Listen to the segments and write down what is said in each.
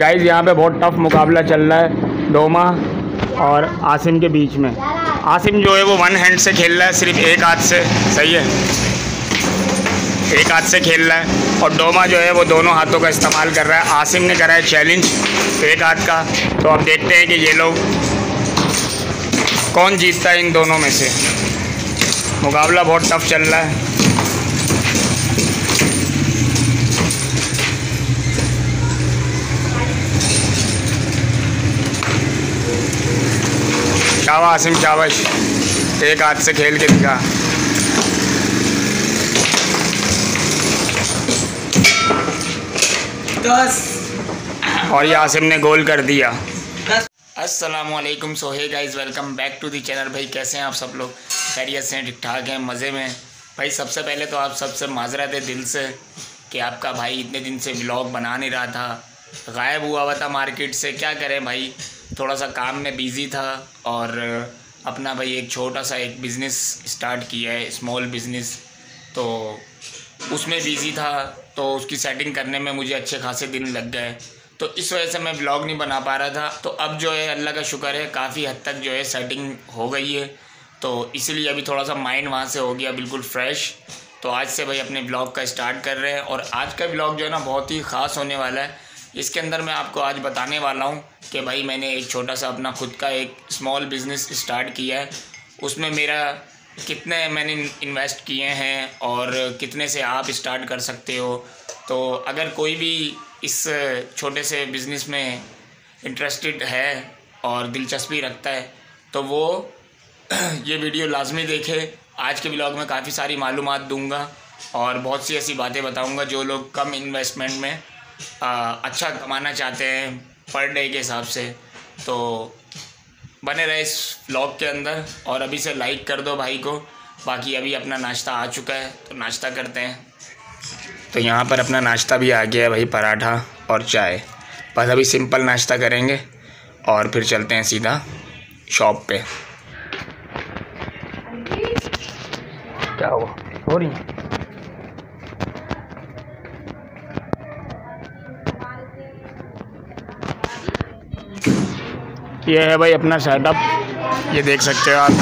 guys यहाँ पे बहुत टफ मुकाबला चल रहा है डोमा और आसिम के बीच में आसिम जो है वो वन हैंड से खेल रहा है सिर्फ एक हाथ से सही है एक हाथ से खेल रहा है और डोमा जो है वो दोनों हाथों का इस्तेमाल कर रहा है आसिम ने करा है चैलेंज एक हाथ का तो अब देखते हैं कि ये लोग कौन जीतता है इन दोनों में से मुकाबला बहुत टफ चल रहा है शाबा आसिम शाबाश एक हाथ से खेल के दिखा और ये आसिम ने गोल कर दिया Aslam so hey guys welcome back to the channel भाई कैसे हैं आप सब लोग खैरियत से ठीक ठाक हैं मज़े में भाई सबसे पहले तो आप सबसे माजरा थे दिल से कि आपका भाई इतने दिन से ब्लॉग बना नहीं रहा था गायब हुआ हुआ था मार्केट से क्या करें भाई थोड़ा सा काम में बिज़ी था और अपना भाई एक छोटा सा एक बिज़नेस स्टार्ट किया है स्मॉल बिज़नेस तो उसमें बिज़ी था तो उसकी सेटिंग करने में मुझे अच्छे खासे दिन लग गए तो इस वजह से मैं ब्लॉग नहीं बना पा रहा था तो अब जो है अल्लाह का शुक्र है काफ़ी हद तक जो है सेटिंग हो गई है तो इसीलिए अभी थोड़ा सा माइंड वहाँ से हो गया बिल्कुल फ्रेश तो आज से भाई अपने ब्लॉग का स्टार्ट कर रहे हैं और आज का ब्लॉग जो है ना बहुत ही ख़ास होने वाला है इसके अंदर मैं आपको आज बताने वाला हूँ कि भाई मैंने एक छोटा सा अपना खुद का एक स्मॉल बिज़नेस स्टार्ट किया है उसमें मेरा कितने मैंने इन्वेस्ट किए हैं और कितने से आप स्टार्ट कर सकते हो तो अगर कोई भी इस छोटे से बिज़नेस में इंटरेस्टेड है और दिलचस्पी रखता है तो वो ये वीडियो लाजमी देखे आज के ब्लॉग में काफ़ी सारी मालूम दूँगा और बहुत सी ऐसी बातें बताऊँगा जो लोग कम इन्वेस्टमेंट में अच्छा कमाना चाहते हैं पर डे के हिसाब से तो बने रहे इस ब्लॉग के अंदर और अभी से लाइक कर दो भाई को बाकी अभी अपना नाश्ता आ चुका है तो नाश्ता करते हैं तो यहाँ पर अपना नाश्ता भी आ गया है भाई पराठा और चाय बस अभी सिंपल नाश्ता करेंगे और फिर चलते हैं सीधा शॉप पे क्या हुआ हो रही है ये है भाई अपना सेटअप ये देख सकते हो आप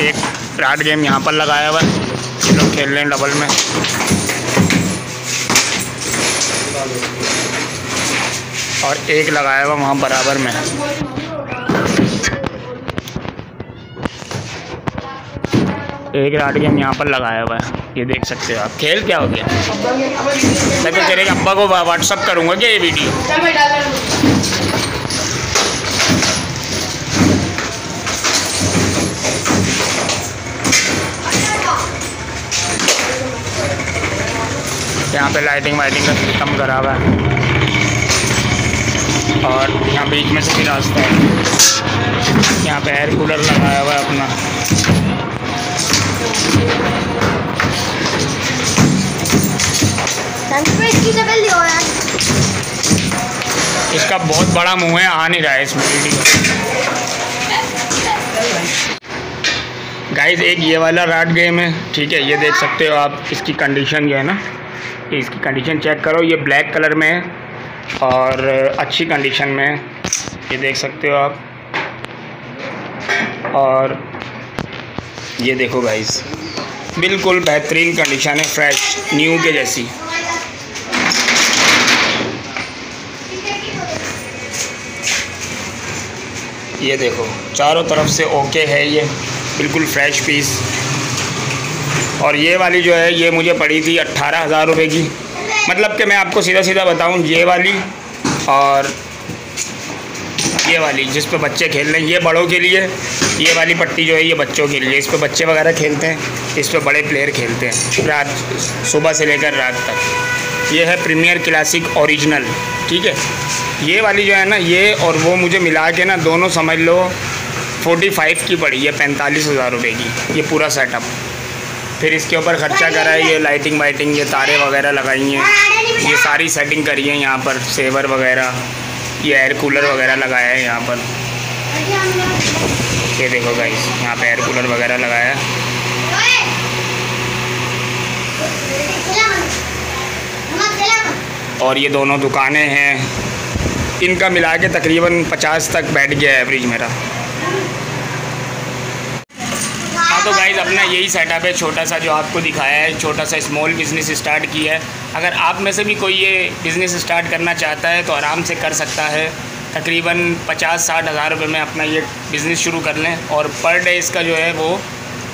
एक राट गेम यहाँ पर लगाया हुआ है ये लोग खेल रहे हैं डबल में और एक लगाया हुआ वहाँ बराबर में एक राट गेम यहाँ पर लगाया हुआ है ये देख सकते हो आप खेल क्या हो गया मैं तो तेरे अब्बा को व्हाट्सअप करूँगा क्या ये वीडियो यहाँ पे लाइटिंग वाइटिंग का सिस्टम करा हुआ है और यहाँ बीच में से भी रास्ता है यहाँ पे एयर कूलर लगाया हुआ है अपना इसका बहुत बड़ा मुंह है आ नहीं रहा है इसमें वीडियो गाइस एक ये वाला राट गेम है ठीक है ये देख सकते हो आप इसकी कंडीशन जो है ना कि इसकी कंडीशन चेक करो ये ब्लैक कलर में है और अच्छी कंडीशन में ये देख सकते हो आप और ये देखो भाई बिल्कुल बेहतरीन कंडीशन है फ्रेश न्यू के जैसी ये देखो चारों तरफ से ओके है ये बिल्कुल फ्रेश पीस और ये वाली जो है ये मुझे पड़ी थी अट्ठारह हज़ार रुपये की मतलब कि मैं आपको सीधा सीधा बताऊं ये वाली और ये वाली जिस पे बच्चे खेल रहे हैं ये बड़ों के लिए ये वाली पट्टी जो है ये बच्चों के लिए इस पर बच्चे वगैरह खेलते हैं इस पर बड़े प्लेयर खेलते हैं रात सुबह से लेकर रात तक ये है प्रीमियर क्लासिक ओरिजिनल ठीक है ये वाली जो है ना ये और वो मुझे मिला के ना दोनों समझ लो फोर्टी फाइव की पड़ी है पैंतालीस हज़ार रुपये की ये पूरा सेटअप फिर इसके ऊपर खर्चा करा है ये लाइटिंग वाइटिंग ये तारे वगैरह लगाई हैं ये सारी सेटिंग करी है यहाँ पर सेवर वगैरह ये एयर कूलर वगैरह लगाया है यहाँ पर ये देखो भाई यहाँ पे एयर कूलर वगैरह लगाया और ये दोनों दुकानें हैं इनका मिला के तकरीबन पचास तक बैठ गया है एवरेज मेरा तो गाइज़ अपना यही सेटअप है छोटा सा जो आपको दिखाया है छोटा सा स्मॉल बिज़नेस स्टार्ट किया है अगर आप में से भी कोई ये बिज़नेस स्टार्ट करना चाहता है तो आराम से कर सकता है तकरीबन पचास साठ हज़ार रुपये में अपना ये बिज़नेस शुरू कर लें और पर डे इसका जो है वो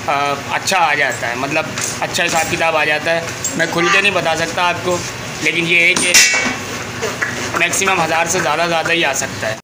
आ, अच्छा आ जाता है मतलब अच्छा हिसाब किताब आ जाता है मैं खुल के नहीं बता सकता आपको लेकिन ये है कि मैक्सिमम हज़ार से ज़्यादा ज़्यादा ही आ सकता है